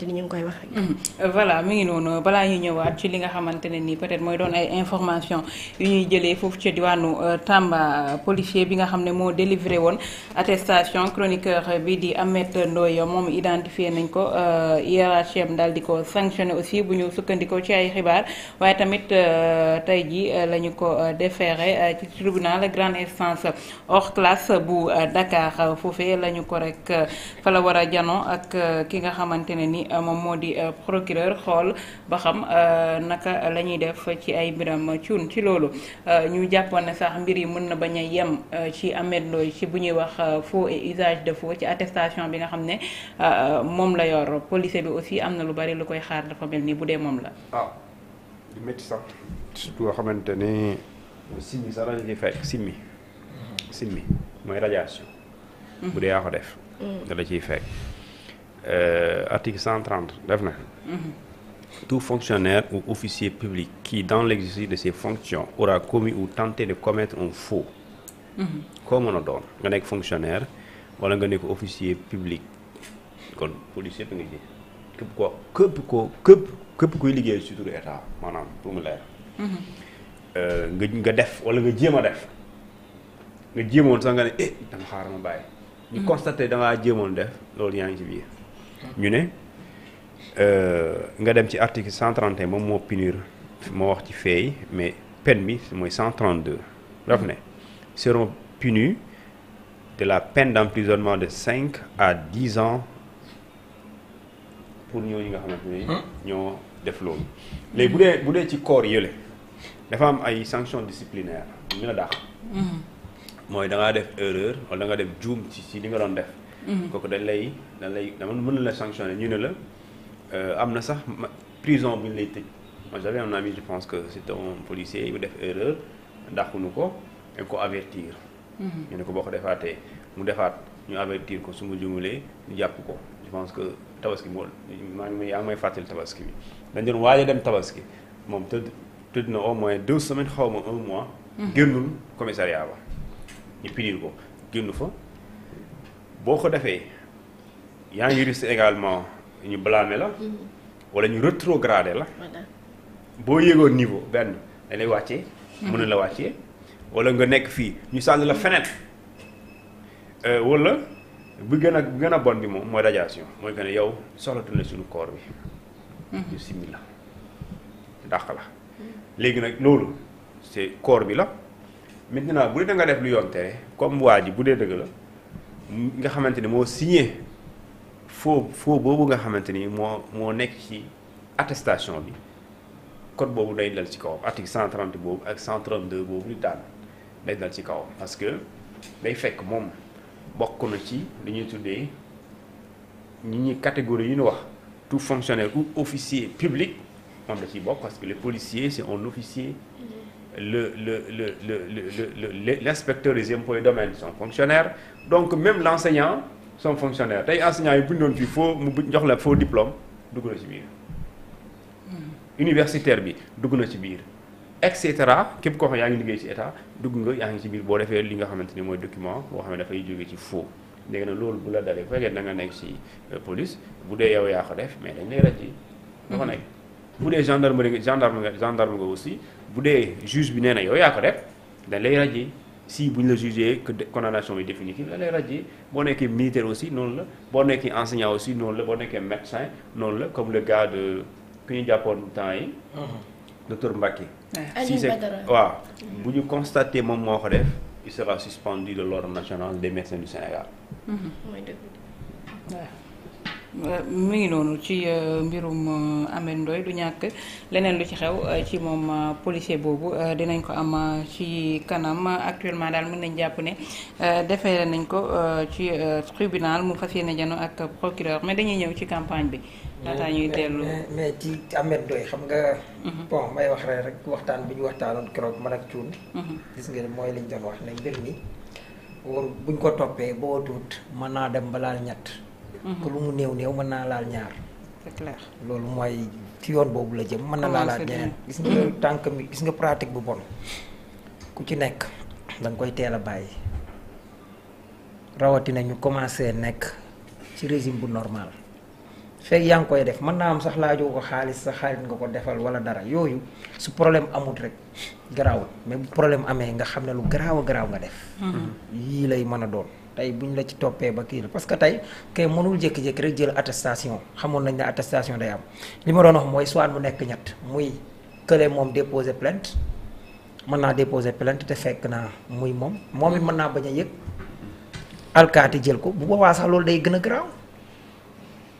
xamante ni ñu ngi koy wax mm. voilà mi ngi noonu balaa ñuy ñëwaat ci li nga xamante ne nii peut-être mooy doon ay information yu ñuy jëlee foofu ca diwaanu euh, Tamba policier bi nga xam ne moo délivré woon attestation chroniqueur bi di Ahmed Ndoye moom identifié nañ ko euh, IRHM daal di ko sanctionné aussi bu ñu sukkandikoo ci ay xibaar waaye tamit euh, tey ji lañu ko déféré ci tribunal grande instance hors classe bu Dakar foofee la ñu ko rek fa la war a jano ak ki nga xamante ne ni Euh, moom moo di euh, procureur xool ba xam euh, naka la ñuy def ci ay mbiram cuun ci loolu ñu jàppoon ne sax mbir yi mën na bañ a yem ci Ameth Ndoye ci bu ñuy wax foo et usage de ci attestation bi nga xam ne moom la yor policier bi aussi am na lu bari lu koy xaar dafa mel ni bu dee moom la. ah di xamante ni simmi sax dañu mm-hmm. mm-hmm. bu dee yaa ko def. Mm. da la ciy fekk. Euh, article 130 def na mhm. tout fonctionnaire ou officier public qui dans l'exercice de ses fonctions aura commis ou tenté de commettre un faux mhm. koo mën a doon nga nekk fonctionnaire wala nga ne ko officier public kon policier bi nga ji képp ko képp koo képp képp kuy liggéey ci turu état maanaam pour mu leer mhm. euh, nga nga def wala nga jéem a def nga jéemoon sax nga ne eh dama xaaral ma bàyyi ñu constaté dangaa jéemoon def loolu yaa ngi ci biir ñu ne euh, nga dem ci article 131 moom moo punir moo wax ci feey mais peine bi mooy 132 daf ne seront punis de la peine d'emprisonnement de cinq à 10 ans pour ñooñu nga xamante ni ñoo def loolu léegi bu dee bu dee ci coor yële dafa am ay sanctions disciplinaires ñu la dàq mm-hmm. mooy da ngaa def erreur wala da nga def juum ci ci li nga doon def Mm-hmm. kooku dañ lay dañ lay dama mën la sanctionner ñu ne la euh, am na sax prison bu ñu lay tëj moi na un ami je pense que c'était un policier bu def erreur dàqunu ko dañ ko avertir mm-hmm. ñu ne ko boo ko defaatee mu defaat ñu avertir ko su ma jumulee ñu jàpp ko je pense que tabaski moo maa ngi yaa ngi may fàttali tabaski bi dañ doon waaj a dem tabaski moom tëdd tëdd na au moins deux semaines xaw ma un mois mm-hmm. génnul commissariat ba ñu pidir ko génn fa boo ko defee yaa ngi risque également ñu blâmer la wala ñu retrograde la boo yéegoon niveau benn dañ lay mun mën la wàccee wala nga nekk fii ñu sànni la feneen euh, wala bu gën a bu gën a bon bi moom mooy radiation mooy que ne yow soxlatu na suñu corps bi mhm. ñu simmi la dàq la léegi nag loolu c'est corps bi la maintenant bu dee da nga def lu yoon tere comme waa ji bu dee dëgg la nga xamante ni moo signé faux faux boobu nga xamante ni moo moo nekk ci attestation bi code boobu day dal ci kawam article 130 boobu ak 132 boobu li daal day dal ci kawam parce que day fekk moom bokk na ci li ñu tuddee ñi ñuy catégorie yi ñu wax tout fonctionnaire ou officier public moom da ci bokk parce que le policier et un officier le le le le le le le le des impôts et domaines sont fonctionnaires donc même l'enseignant sont fonctionnaires tey enseignant yi bindoon fii faux mu jox la foo diplôme dugg na ci biir. Hmm. universitaire bi dugg na ci biir et cetera képp koo xam yaa ngi liggéey ci état dugg nga yaa ngi ci biir boo defee li nga xamante ni mooy document boo xam ne dafay jóge ci faux. léegi nag loolu bu la dalee bu fekkee da nga nekk ci euh, police bu dee yow yaa ko def mais dañ lay rëcc. dafa nekk. bu dee gendarmerie gendarme nga gendarme nga aussi bu dee juge bi nee na yow yaa ko def dañ lay radier si bu ñu la jugee que condamnation bi définitive dañ lay radier boo nekkee militaire aussi noonu la boo nekkee enseignant aussi noonu la boo nekkee médecin noonu la comme le gars de ku ñu jàppoon temps yi. Uh-huh. docteur Mbacké. si c' waaw bu ñu constaté moom moo ko def il sera suspendu de l'ordre national des médecins du Sénégal. Mm-hmm. mooy mi ngi noonu ci euh, mbirum euh, Ameth ndoy du ñàkk leneen lu ci xew euh, ci moom policier boobu dinañ ko am ci kanam actuellement daal mën nañ jàpp ne defee nañ ko ci tribunal mu fas yéene jano ak procureur mais dañuy ñëw ci campagne bi. laataa ñuy dellu mais ci Ameth Ndoye xam nga. Mhm. bon may wax rek waxtaan bi ñu waxtaanoon keroog man ak Thioune. Mhm. gis nga mooy liñ doon wax ne mbir mi. wóor buñ ko toppee boo tuut mën naa dem balaa ñett. que lu mu néew néew mën naa laal ñaar. c'est clair loolu mooy ci yoon boobu la jëm mën na laa laal ñeneen gis nga tànk mi gis nga pratique bu bon ku ci nekk danga koy teel a bàyyi rawatina ñu commencé nekk ci résime bu normal fekk yaa ngi koy def mën naa am sax laajoo ko xaalis sa xaalis nga ko defal wala dara yooyu su problème amut rek garaawul mais bu problème amee nga xam ne lu garaaw a garaaw nga def mm-hmm. yii lay mën a doon tey buñ la ci toppee ba kii la parce que tey kay mënul jékki-jékki rek jël attestation xamoon nañ ne attestation day am li ma doon wax mooy soit mu nekk ñett muy kële moom déposer plainte mën naa déposer plainte te fekk naa muy moom moom it mën naa bañ a yëg alkaati jël ko bu boobaa sax loolu day gën a garaaw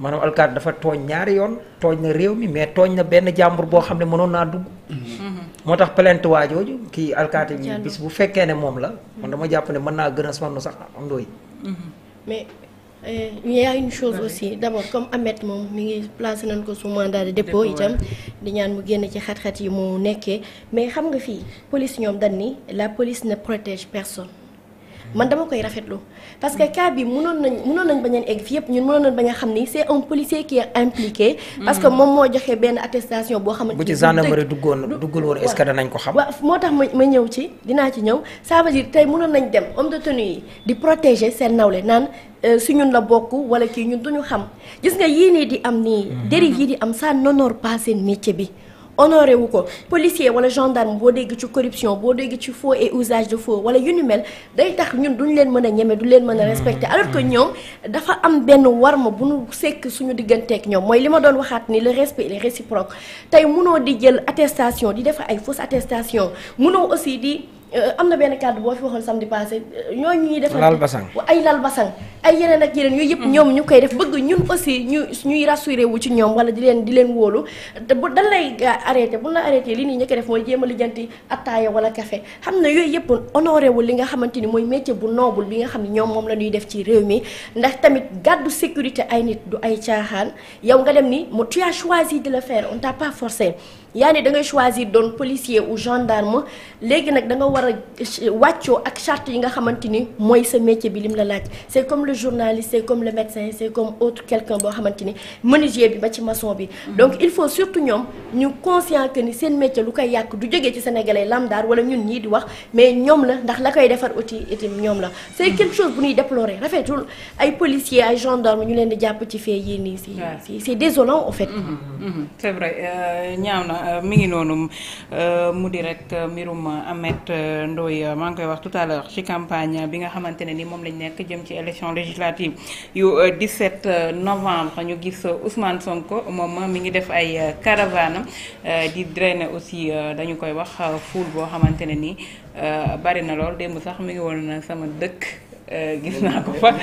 maanaam alkaati dafa tooñ ñaari yoon tooñ na réew mi mais tooñ na benn jàmbur boo xam ne mënoon naa dugg. Mm-hmm. moo tax plainte waajooju kii alkaati bi bu fekkee ne moom la man dama jàpp ne mën naa gën a sonn sax am ndooy mhm. mais euh, il y a une chose aussi d'abord comme Ameth moom mi ngi placé nañ ko su mandat de dépôt itam di ñaan mu génn ci xat-xat yi mu nekkee mais xam nga fii police ñoom dañ ni la police ne protège personne man dama koy rafetlu parce que cas bi mënoon nañ mënoon nañ bañ a egg fi yëpp ñun mënoon nañ bañ xam ni c'est un policier qui est impliqué. parce moom moo joxe benn attestation boo xamante ni. bu ci gendarmerie duggoon duggul ko xam. waaw moo tax ma ma ñëw ci dinaa ci ñëw ça veut dire tey mënoon nañ dem om de tenue yi di protéger seen nawle naan. Euh, su ñun la bokk wala kii ñun duñu xam gis nga yii nii di am nii. Mhm. dérive yi di am ça n'honore pas seen métier bi. honoré wu ko policier wala gendarme boo dégg ci corruption boo dégg ci faux et usage de faux wala yu ni mel day tax ñun duñ leen mën a ñeme du leen mën a respecté mm-hmm. alors que mm-hmm. ñoom dafa am benn war ma bu nu sekk suñu digganteek ñoom mooy li ma doon waxaat ni la respect il est réciproque tey munoo di jël attestation di def ay fausse attestation munoo aussi di Euh, am na benn kàddu boo fi waxoon samedi passé euh, ñooñu ñuy defar lal basan ay lal basang ay yeneen ak yeneen yooyu yëpp mm-hmm. ñoom ñu koy def bëgg ñun aussi ñu ñuy rassuré wu ci ñoom wala di leen di leen wóolu te bu dañ lay arrêté bu la arrêté li nii ñu koy def mooy jéem a lijjanti attaaya wala café xam ne yooyu yëpp honoré wul li nga xamante ni mooy métier bu noble bi nga xam ne ñoom moom la ñuy def ci réew mi ndax tamit gàddu sécurité ay nit du ay caaxaan yow nga dem ni mu tu as choisi de le faire on t'a pas yaa ne da ngay choisir doon policier ou gendarme léegi nag da war a euh, wàccoo ak charte yi nga xamante ni mooy sa métier bi mu la laaj c'est comme le journaliste c'est comme le médecin c'est comme autre quelqu'un boo xamante ni menuisier bi ba ci maçon bi mm-hmm. donc il faut surtout ñoom ñu conscient ni seen métier lu koy yàq du jógee ci sénégalais lambda wala ñun ñii di wax mais ñoom la ndax la koy defar outil itam ñoom la c'est mm-hmm. quelque chose bu ñuy déplorer rafetul ay policiers ay gendarme ñu leen di jàpp ci fee yii nii si c'est désolant en fait mm-hmm. c'est vrai euh, ñaaw Euh, mi ngi noonu euh, mu di rek euh, mbirum Ameth Ndoye maa ngi koy wax toutal à ci campagne bi nga xamante ne ni moom lañ nekk jëm ci élection législative yu 17 novembre ñu gis Ousmane Sonko moom mi ngi def ay caravane di drainer aussi dañu koy wax foule boo xamante ne ni bari na lool démb sax mi ngi woon sama dëkk gis naa ko fa.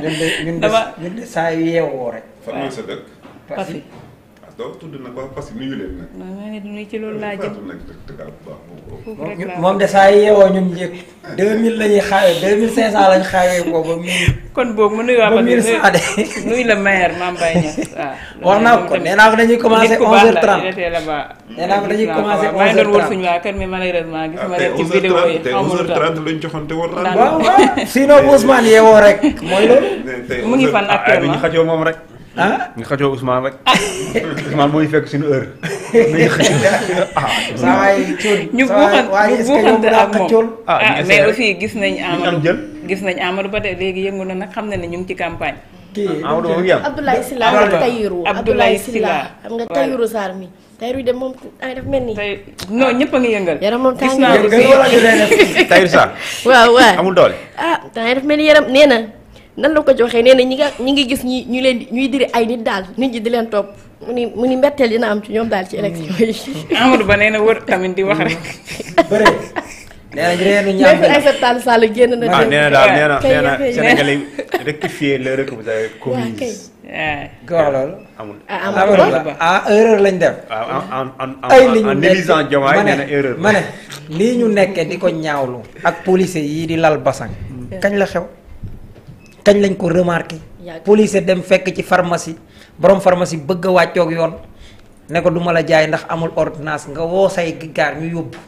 ñun saa yeewoo rek. fan sa dëkk. donc tudd na ko parce que nuyu leen nag. waaw nga ne ci loolu laa jëm moom de saa yeewoo ñun yëg 2000 la ñuy xaawee 2500 la ñu xaawee boobu ba kon boobu mu nuyuwaat ba 1100 nuyu la maire Mame Baye Niass waaw. naa ko nee ko dañuy commencé 11h30 nee ko dañuy commencé 11h30 maa ngi doon wër suñu waa kër mi malheureusement gisuma leen ah, ci vidéo yi amul dara tey yeewoo rek mooy loolu. mu ngi fan actuellement ah, bi ñu xajoo moom rek ah ñu xajoo Ousmane rek Ousmane mooy fekk suñu heure. ah ñu buuxante ñu buuxante ak moom ah aussi ah, gis nañ Amadou gis nañ Amadou ba tey léegi yëngu na nag xam na ne ñu ngi ci campagne. kii ah, Amadou moom yàlla Abdoulaye Sylla Tayiru Abdoulaye Sylla xam nga Tayiru Sarr mi Tayiru de moom ay daf mel ni. tey non ñëpp a ngi yëngal. yaram moom tàng gis naa amul doole. Ah, mel ni yaram nee nan la ko joxee nee ñi nga ñi ngi gis ñi ñu leen ñuy diri ay nit daal nit ñi di leen topp mu ni mu ni mbetteel dina am ci ñoom daal ci élection yi. Amadou Ba nee na wër di wax rek. bëri nee na na. ah na daal nee na nee na Sénégalais rectifier le recours de commise. waaw loolu. amul ah, ah erreur lañ def. Ah, ay li ñu nekk ma ne ma ne ñu nekkee di ko ñaawlu. ak policier yii di lal basang. Mm. kañ la xew. kañ lañ ko remarqué. police dem fekk ci pharmacie borom pharmacie bëgg a wàccoog yoon ne ko du la jaay ndax amul ordonnance nga woo say gaar ñu yóbbu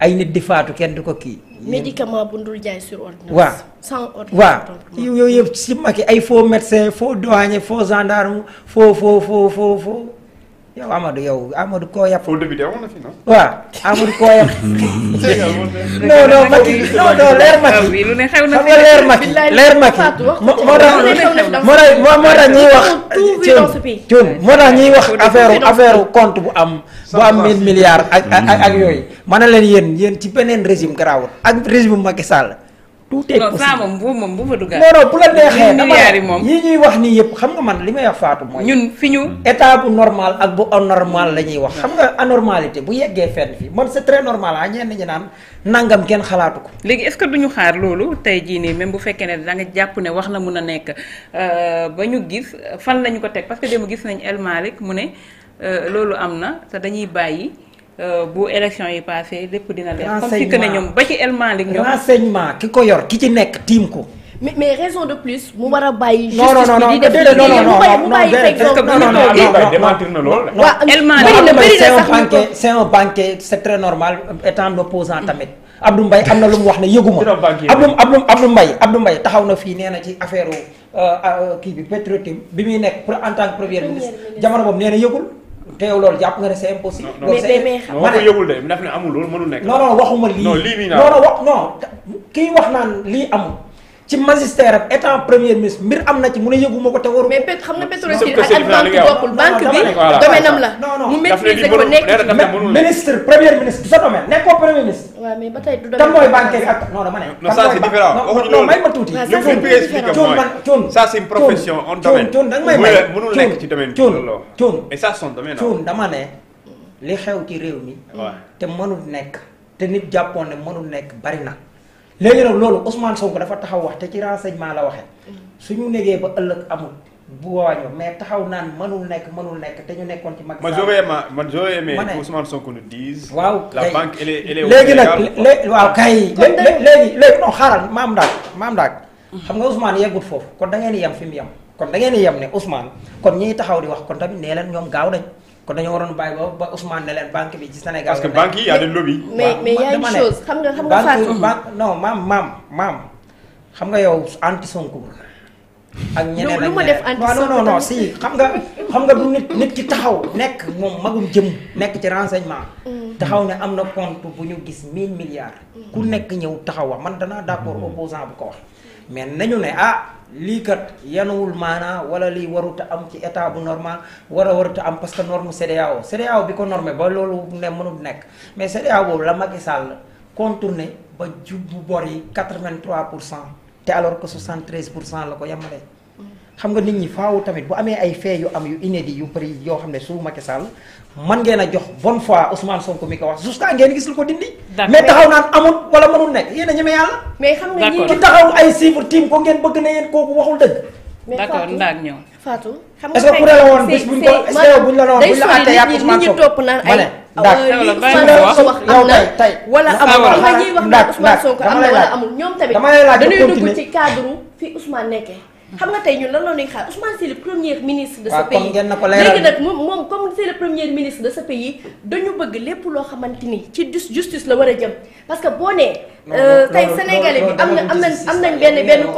ay nit di faatu kenn du ko kii. médicament bu ndul jaay sur ordonnance. waaw sans ordonnance waaw yooyu yëpp si Macky ay faux médecin faux douanier faux gendarme faux faux faux faux yow Amadou yow Amadou koo yàpp. au début de amoon na fi non. waaw Amadou koo yàpp. non non Macky non non leer Macky. lu ne xew na xam nga leer Macky leer Macky. moo moo tax moo tax ñuy wax. Thion moo tax ñuy wax affaire affaire compte bu am. bu am 1000 milliards ak ak ak hmm. yooyu. ma ne leen yéen yéen ci beneen régime garaawul ak régime Macky Sall. tout est possible non moom moom bu fa duggaat non bu la neexee dama yi ñuy wax nii yëpp xam nga man li may wax faatu mooy. ñun fi ñu. Mm. état bu normal ak bu anormal la ñuy wax. Mm. xam nga anormalité bu yeggee fenn fii man c'est très normal ah ñenn ñi naan nangam kenn xalaatu ko. léegi est-ce que duñu xaar loolu tey jii nii même bu fekkee ne da nga jàpp ne wax na mun a nekk euh, ba ñu gis fan lañu ko teg parce que démb gis nañ El Malick mu ne euh, loolu am na te dañuy bàyyi. Euh, bu élection yi passé lépp dina leer. comme si que ne ñoom ba ci El Malick ñoom. renseignement ki ko yor ki ci nekk tiim ko. mais mais raison de plus mu war a bàyyi. justice bi di def liggéeyam non non non non non non non non non Abdou Mbaye am na lu mu wax ne yëguma Abdou Abdou Abdou Mbaye Abdou Mbaye taxaw na fii nee na ci affaire euh, euh, kii bi Petro-Tim bi muy nekk en tant que premier ministre jamono boobu nee na yëgul teew loolu jàpp nga ne c'est impossible. loolu c'est mais mais yëgul de daf ne amul loolu mënul nekk. non non waxuma lii non lii non non kii wax naan lii amul. ci magistère am étant premier ministre mbir am na ci mu ne yëguma ko te waru. mais pet xam nga pétrolier ak banque bokkul banque bi domaine am la. mu maîtriser ministre premier ministre sa domaine nekkoo ministre. waaw mais ba tey du domaine kan mooy banque yi ak ma tuuti. ça c'est une profession un domaine. coon da nga may may nekk ci domaine. li xew ci réew mi. te mënul nekk te nit jàppoon ne nekk bari na léegi nag loolu Ousmane Sonko dafa taxaw wax te ci renseignement la waxee mm. ñu negee ba ëllëg amul bu waañu mais taxaw naan mënul nekk mënul nekk te ñu nekkoon ci mag man j'aurais aimé man j'aurais aimé que Ousmane Sonko waaw léegi nag léegi waaw kay léegi léegi non xaaral maam ndaag maam ndaag xam nga Ousmane yeggut foofu kon da ngeen di yem fi mu yem kon da ngeen di yem ne Ousmane kon ñiy taxaw di wax kon tamit nee leen ñoom gaaw nañ kon dañoo waroon bàyyi ba ba Ousmane ne leen banque bi ci Sénégal. parce que banque yi y xam nga xam nga Fatou. banque non maam maam maam xam nga yow anti Sonko ak ñeneen ak lu ma def anti Sonko si xam nga xam nga du nit nit ki taxaw nekk moom magum jëm nekk ci renseignement. Mm. taxaw ne am na compte bu ñu gis 1000 milliards. Mm. ku nekk ñëw taxaw wax man danaa d'accord mm. opposant bu ko wax. mais nañu ne ah lii kat yanuwul maanaa wala lii waruta am ci état bu normal war a waruta am parce que norme CEDEAO CEDEAO bi ko normé ba loolu ne mënul nekk mais CEDEAO boobu la Macky Sall contourné ba jub bu bor yi 83 pour cent te alors que 73 pour cent la ko yemale xam nga nit ñi faaw tamit bu amee ay fait yu am yu inédit yu bëri yoo xam ne su Macky Sall man ngeen a jox bonne fois Ousmane Sonko mi ko wax jusqu'à ngeen gis lu ko dindi. mais taxaw naan amul a ñeme yàlla. mais xam nga ñi ki taxaw ko ngeen bëgg ne nga est-ce la woon bés buñ ko est-ce que buñ la woon la àttee yàq Ousmane Sonko topp naan ay. Ah, ndax yow tey tey wala amul xam nga ñuy fi Ousmane nekkee xam nga tey ñun lan la ñuy xaar Ousmane c'est le premier ministre de ce pays léegi nag moom moom comme c'est le premier ministre de ce pays dañu bëgg lépp loo xamante ni ci justice la war a jëm parce que boo nee euh, tey sénégalais bi am na am na am nañ benn benn